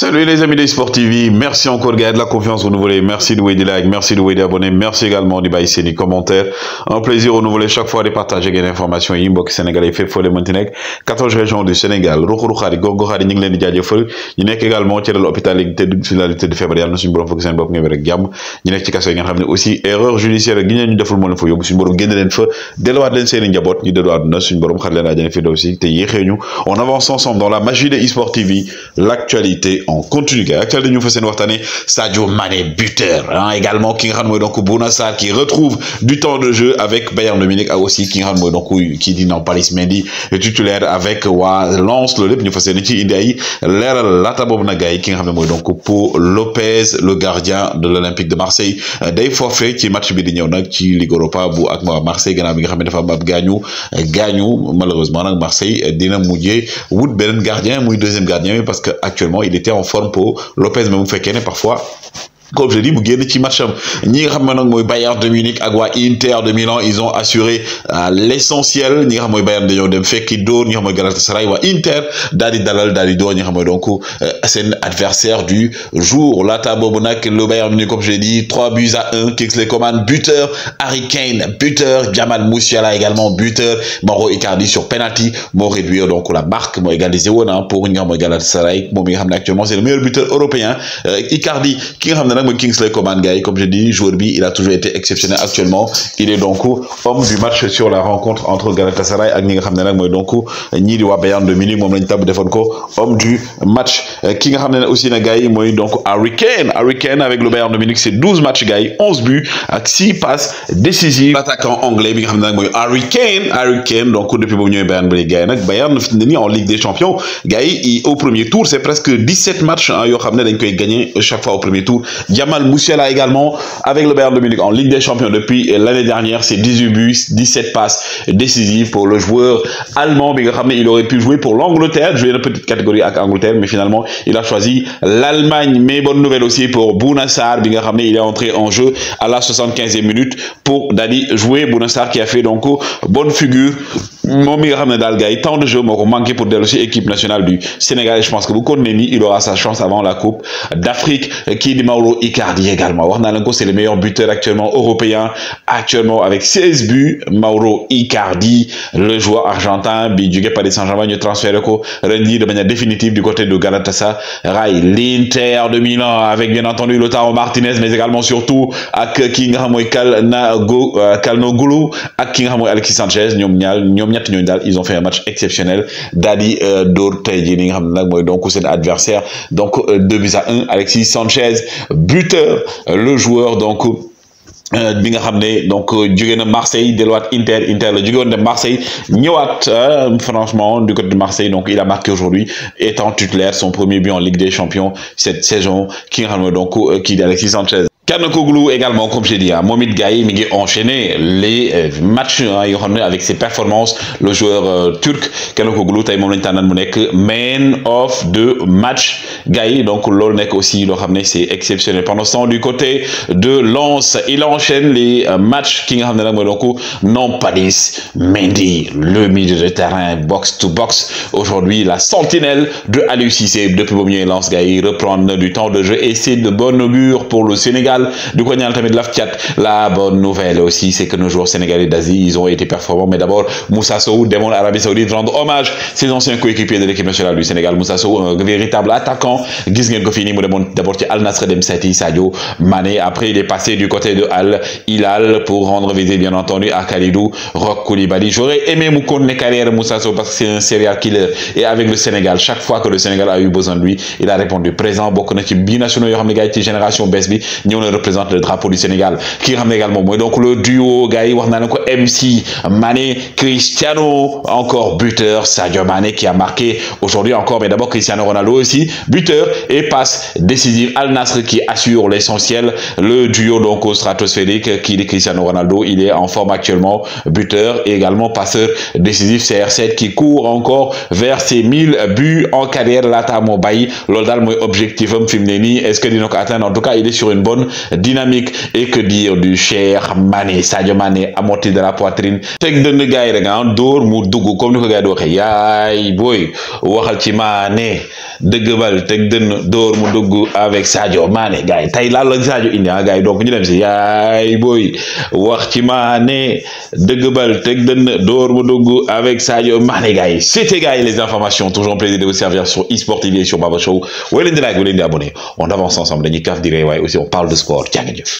Salut les amis des Sport TV, merci encore gars de la confiance renouvelée, merci de vous aider likes, merci de vous des abonnés, merci également de baisser les commentaires. Un plaisir renouvelé chaque fois de partager des informations inbox sénégalais fait folle Montenegro, 14 régions du Sénégal. Rokhou Khari Gogo Khari ñi ngi leen di jaajëfal ñu nekk également ci l'hôpital yi tëdd ci la tëdd feebar yàlla na suñu borom fekk seen bopp ngeen rek jàmm ñu nekk ci kaso yi nga xam ne aussi erreur judiciaire gi ñu deful moo leen fa yóbbu suñu borom génn leen fa delluwaat leen seen i njaboot ñu dellu àdduna suñu borom xar leen àjjana fi daw si te yéexee ñu on avance ensemble dans la magie des Sport TV l'actualité on continue gars actuel de fa seen waxtaane Sadio Mané buteur hein. également ki nga xam donc qui retrouve du temps de jeu avec Bayern dominique Munich ah, aussi ki nga xam qui dit donc Paris Mendy le titulaire avec Lance le le l'air ñu fa seen ci indi une leeral laata boobu donc pour Lopez le gardien de l'Olympique de Marseille euh, day forfait qui match bi di ñëw nag ci Ligue Europa bu ak Marseille gna bi nga xam dafa gañu gañu malheureusement nak Marseille dina mujjé wut benen gardien muy deuxième gardien parce que actuellement il était en forme pour Lopez, même parfois, comme je dis vous gagnez ci match Ni ñi nga Bayern de Munich Agua Inter de Milan ils ont assuré euh, l'essentiel ñi nga xam de Bayern de dem fekki dóor ñi nga xam Galatasaray Inter Dali dalal Dali Do, Ni ñi nga xam adversaire du jour La boobu le Bayern Munich comme je dit, 3 buts à un Kingsley Coman buteur Harry Kane buteur Jamal Musiala également buteur Mauro Icardi sur penalty moo réduire donc la marque moo égaliser hein, 0 pour ñi nga xam Galatasaray moom actuellement c'est le meilleur buteur européen euh, Icardi ki nga Kingsley Coman comme je dis joueur bi il a toujours été exceptionnel actuellement il est donc homme du match sur la rencontre entre Galatasaray ak ñi nga xamné donc ñi di wa Bayern de Munich mom lañ homme du match ki nga aussi na gars yi donc Harry Kane Harry Kane avec le Bayern de Munich c'est 12 matchs gars 11 buts ak six passes décisives l'attaquant anglais bi nga xamné Harry Kane Harry Kane donc depuis boobu ñoy Bayern gars Bayern en Ligue des Champions gars au premier tour c'est presque 17 matchs hein, yo xamné dañ koy gagner chaque fois au premier tour Jamal a également avec le Bayern Dominique en Ligue des Champions depuis euh, l'année dernière. C'est 18 buts, 17 passes décisives pour le joueur allemand. Mais il aurait pu jouer pour l'Angleterre, jouer une petite catégorie avec l'Angleterre mais finalement il a choisi l'Allemagne. Mais bonne nouvelle aussi pour Bounassar. Il est entré en jeu à la 75e minute pour Dali jouer. Bounassar qui a fait donc bonne figure. Mon Dalgaï. tant de jeux mais manqué pour dellu aussi équipe nationale du Sénégal je pense que vous connaissez, il aura sa chance avant la Coupe d'Afrique qui dimanche Icardi également wax c'est le meilleur buteur actuellement européen actuellement avec 16 buts Mauro Icardi le joueur argentin Bidjugé par Paris Saint-Germain le transfert ko Rendi de manière définitive du côté de Galatasaray l'Inter de Milan avec bien entendu Lautaro Martinez mais également surtout ak ki nga xam à Kingham Alexis Sanchez ils ont fait un match exceptionnel Dali euh, Dorte donc c'est adversaire donc 2 euh, buts à 1 Alexis Sanchez buteur euh, le joueur donc euh, bi nga donc euh, jogé na Marseille Deloitte, Inter Inter le de Marseille ñëwaat franchement du côté de Marseille donc il a marqué aujourd'hui étant titulaire son premier but en Ligue des Champions cette saison qui donc qui d'Alexis Sanchez Kanokoglu également, comme j'ai dit, hein, Momit Gaye, a enchaîné les euh, matchs hein, avec ses performances. Le joueur euh, turc, Kanokoglu, man of the match. Gaye, donc l'Olnek aussi, le ramener, c'est exceptionnel. Pendant ce temps, du côté de Lens, il enchaîne les euh, matchs King Hamdana non non Palis, Mendy, le milieu de terrain, box to box. Aujourd'hui, la sentinelle de Alucissé, depuis premier Lance Gaye, reprend du temps de jeu et c'est de bon augure pour le Sénégal. Du coup, tamit laf de La bonne nouvelle aussi, c'est que nos joueurs sénégalais d'Asie, ils ont été performants. Mais d'abord, Moussa Sow démon Arabie Saoudite rend hommage ses anciens coéquipiers de l'équipe nationale du Sénégal. Moussa Sow, un véritable attaquant. Gizgen ngeen ko d'abord Al Nassr dem Sadio Mané. Après, il est passé du côté de Al Hilal pour rendre visite, bien entendu, à Khalidou Rock Koulibaly. J'aurais aimé Moukoun les Moussa Sow parce que c'est un serial killer. Et avec le Sénégal, chaque fois que le Sénégal a eu besoin de lui, il a répondu présent. Beaucoup de binationaux, il y a une génération représente le drapeau du Sénégal qui ramène également donc le duo Gaï yi MC Mané Cristiano encore buteur Sadio Mané qui a marqué aujourd'hui encore mais d'abord Cristiano Ronaldo aussi buteur et passe décisive Al Nassr qui assure l'essentiel le duo donc au stratosphérique qui est Cristiano Ronaldo il est en forme actuellement buteur et également passeur décisif CR7 qui court encore vers ses 1000 buts en carrière là Mobaï, bàyyi objectif est-ce que Dinoc atteint en tout cas il est sur une bonne dynamique et que dire du cher Mané Sadio Mané amorti de la poitrine Tek de gars yi rek ah, mu comme ni ko gars yi boy, de yaay boy waxal ci Mané bal tek mu avec Sadio Mané gaï. yi la Sadio indi ah, donc ñu dem yay yaay boy wax ci Mané dëgg bal mu avec Sadio Mané gaï. C'est c'était les informations toujours plaisir de vous servir sur eSport TV et sur Baba Show allez leen like allez abonner, on avance ensemble dañuy kaf aussi on parle de sport jàngi jëf